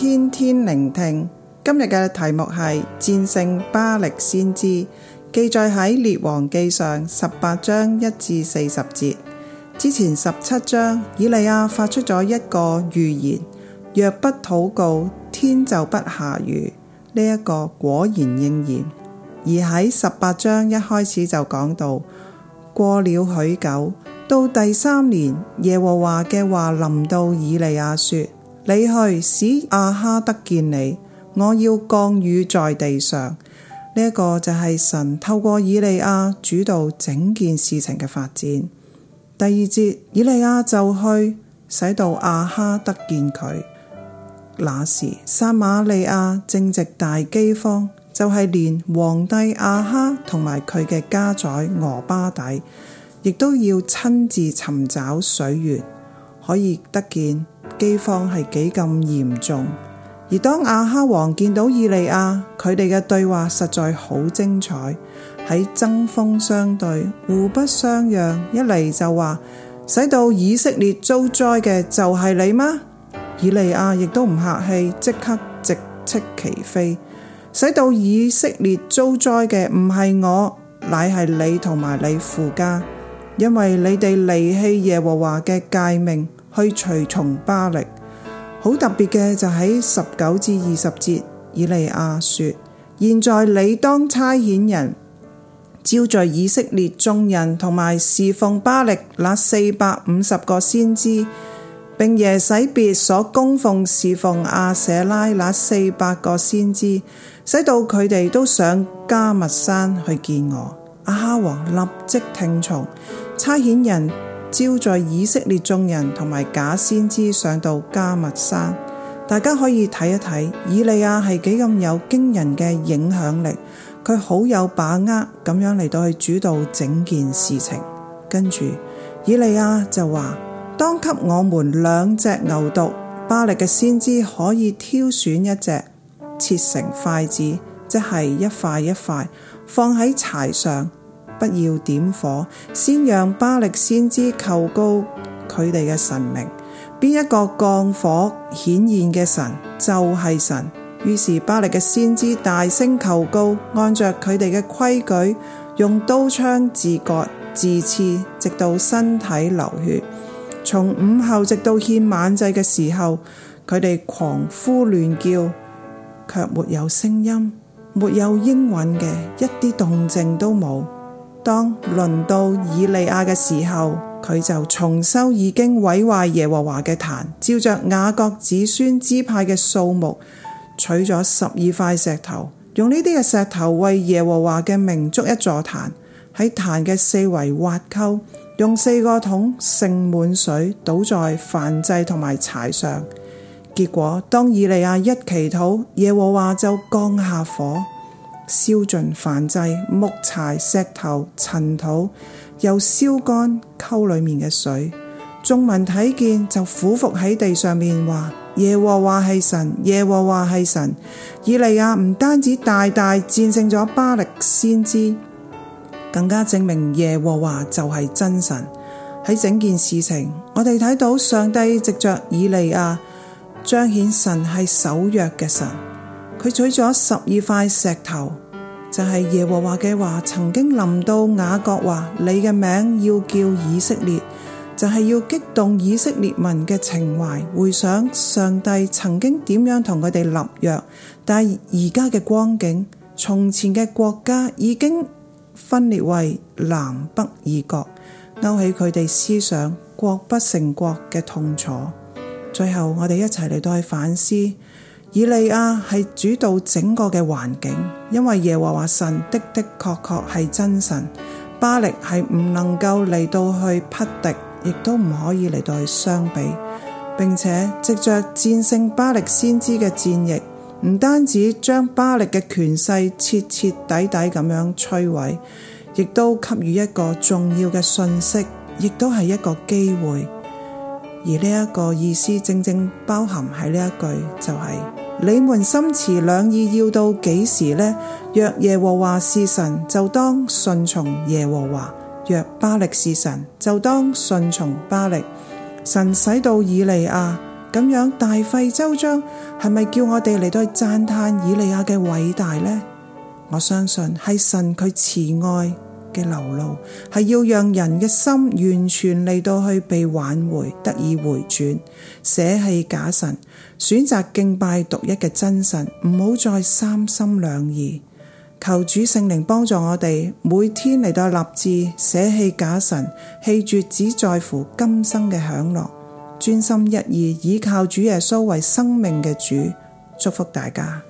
天天聆聽，今日嘅題目係戰勝巴力先知，記載喺列王記上十八章一至四十節。之前十七章，以利亞發出咗一個預言：若不禱告，天就不下雨。呢一個果然應驗。而喺十八章一開始就講到，過了許久，到第三年，耶和華嘅話臨到以利亞說。你去使亞哈得見你，我要降雨在地上。呢一個就係神透過以利亞主導整件事情嘅發展。第二節，以利亞就去使到亞哈得見佢。那時，撒瑪利亞正值大飢荒，就係連皇帝亞哈同埋佢嘅家宰俄巴底，亦都要親自尋找水源，可以得見。飢荒係幾咁嚴重，而當亞哈王見到以利亞，佢哋嘅對話實在好精彩，喺針鋒相對、互不相讓。一嚟就話，使到以色列遭災嘅就係你嗎？以利亞亦都唔客氣，即刻直斥其非，使到以色列遭災嘅唔係我，乃係你同埋你父家，因為你哋離棄耶和華嘅誡命。去隨從巴力。好特別嘅就喺十九至二十節，以利亞說：現在你當差遣人招聚以色列眾人，同埋侍奉巴力那四百五十個先知，並耶洗別所供奉侍奉亞舍拉那四百個先知，使到佢哋都上迦密山去見我。亞哈王立即聽從差遣人。招聚以色列眾人同埋假先知上到迦密山，大家可以睇一睇，以利亞係幾咁有驚人嘅影響力，佢好有把握咁樣嚟到去主導整件事情。跟住，以利亞就話：當給我們兩隻牛犢，巴力嘅先知可以挑選一隻，切成塊子，即係一塊一塊放喺柴上。不要點火，先讓巴力先知求告佢哋嘅神明。邊一個降火顯現嘅神就係、是、神。於是巴力嘅先知大聲求告，按着佢哋嘅規矩，用刀槍自割自刺，直到身體流血。從午後直到獻晚祭嘅時候，佢哋狂呼亂叫，卻沒有聲音，沒有應允嘅，一啲動靜都冇。當輪到以利亞嘅時候，佢就重修已經毀壞耶和華嘅壇，照着雅各子孫支派嘅數目，取咗十二塊石頭，用呢啲嘅石頭為耶和華嘅名築一座壇，喺壇嘅四圍挖溝，用四個桶盛滿水，倒在燔祭同埋柴上，結果當以利亞一祈禱，耶和華就降下火。燒盡燔祭、木柴、石頭、塵土，又燒乾溝裏面嘅水。眾民睇見就俯伏喺地上面，話耶和華係神，耶和華係神。以利亞唔單止大大戰勝咗巴力先知，更加證明耶和華就係真神。喺整件事情，我哋睇到上帝藉着以利亞彰顯神係守約嘅神。佢取咗十二塊石頭，就係耶和華嘅話曾經臨到雅各話：你嘅名要叫以色列，就係要激動以色列民嘅情懷，回想上帝曾經點樣同佢哋立約。但係而家嘅光景，從前嘅國家已經分裂為南北二國，勾起佢哋思想國不成國嘅痛楚。最後，我哋一齊嚟到去反思。以利亞係主導整個嘅環境，因為耶和華神的的確確係真神。巴力係唔能夠嚟到去匹敵，亦都唔可以嚟到去相比，並且藉着戰勝巴力先知嘅戰役，唔單止將巴力嘅權勢徹徹底底咁樣摧毀，亦都給予一個重要嘅信息，亦都係一個機會。而呢一個意思正正包含喺呢一句，就係：「你們心持兩意要到幾時呢？若耶和華是神，就當順從耶和華；若巴力是神，就當順從巴力。」神使到以利亞咁樣大費周章，係咪叫我哋嚟到讚嘆以利亞嘅偉大呢？我相信係神佢慈愛。嘅流露，係要讓人嘅心完全嚟到去被挽回，得以回轉，捨棄假神，選擇敬拜獨一嘅真神，唔好再三心兩意。求主聖靈幫助我哋，每天嚟到立志捨棄假神，棄絕只在乎今生嘅享樂，專心一意依靠主耶穌為生命嘅主。祝福大家。